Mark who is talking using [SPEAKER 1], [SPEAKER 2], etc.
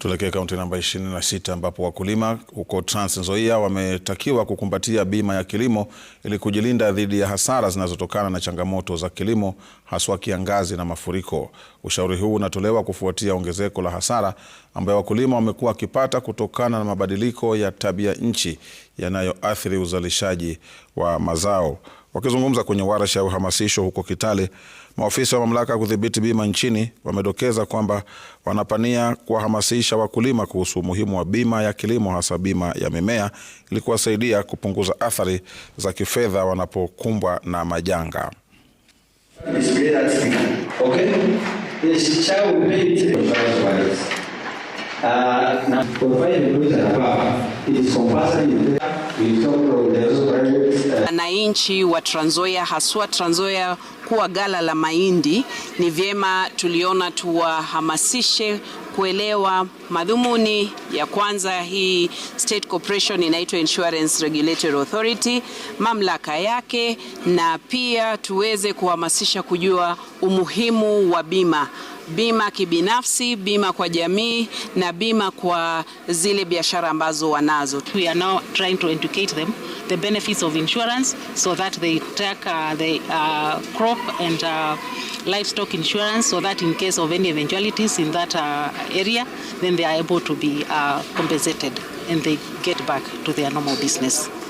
[SPEAKER 1] Tuelekee kaunti namba 26 ambapo wakulima huko Trans Nzoia wametakiwa kukumbatia bima ya kilimo ili kujilinda dhidi ya hasara zinazotokana na changamoto za kilimo haswa kiangazi na mafuriko. Ushauri huu unatolewa kufuatia ongezeko la hasara ambayo wakulima wamekuwa wakipata kutokana na mabadiliko ya tabia nchi yanayoathiri uzalishaji wa mazao. Wakizungumza kwenye warsha ya uhamasisho huko Kitale, maofisa wa mamlaka ya kudhibiti bima nchini wamedokeza kwamba wanapania kuwahamasisha wakulima kuhusu umuhimu wa bima ya kilimo, hasa bima ya mimea, ili kuwasaidia kupunguza athari za kifedha wanapokumbwa na majanga.
[SPEAKER 2] Okay. Uh,
[SPEAKER 3] wananchi wa Trans Nzoia haswa Trans Nzoia kuwa gala la mahindi, ni vyema tuliona tuwahamasishe kuelewa madhumuni ya kwanza. Hii state corporation inaitwa Insurance Regulatory Authority, mamlaka yake, na pia tuweze kuhamasisha kujua umuhimu wa bima bima kibinafsi, bima kwa jamii na bima kwa zile biashara ambazo wanazo.
[SPEAKER 4] We are now trying to educate them the benefits of insurance so that they take uh, the uh, crop and uh, livestock insurance so that in case of any eventualities in that uh, area then they are able to be uh, compensated and they get back to their normal business.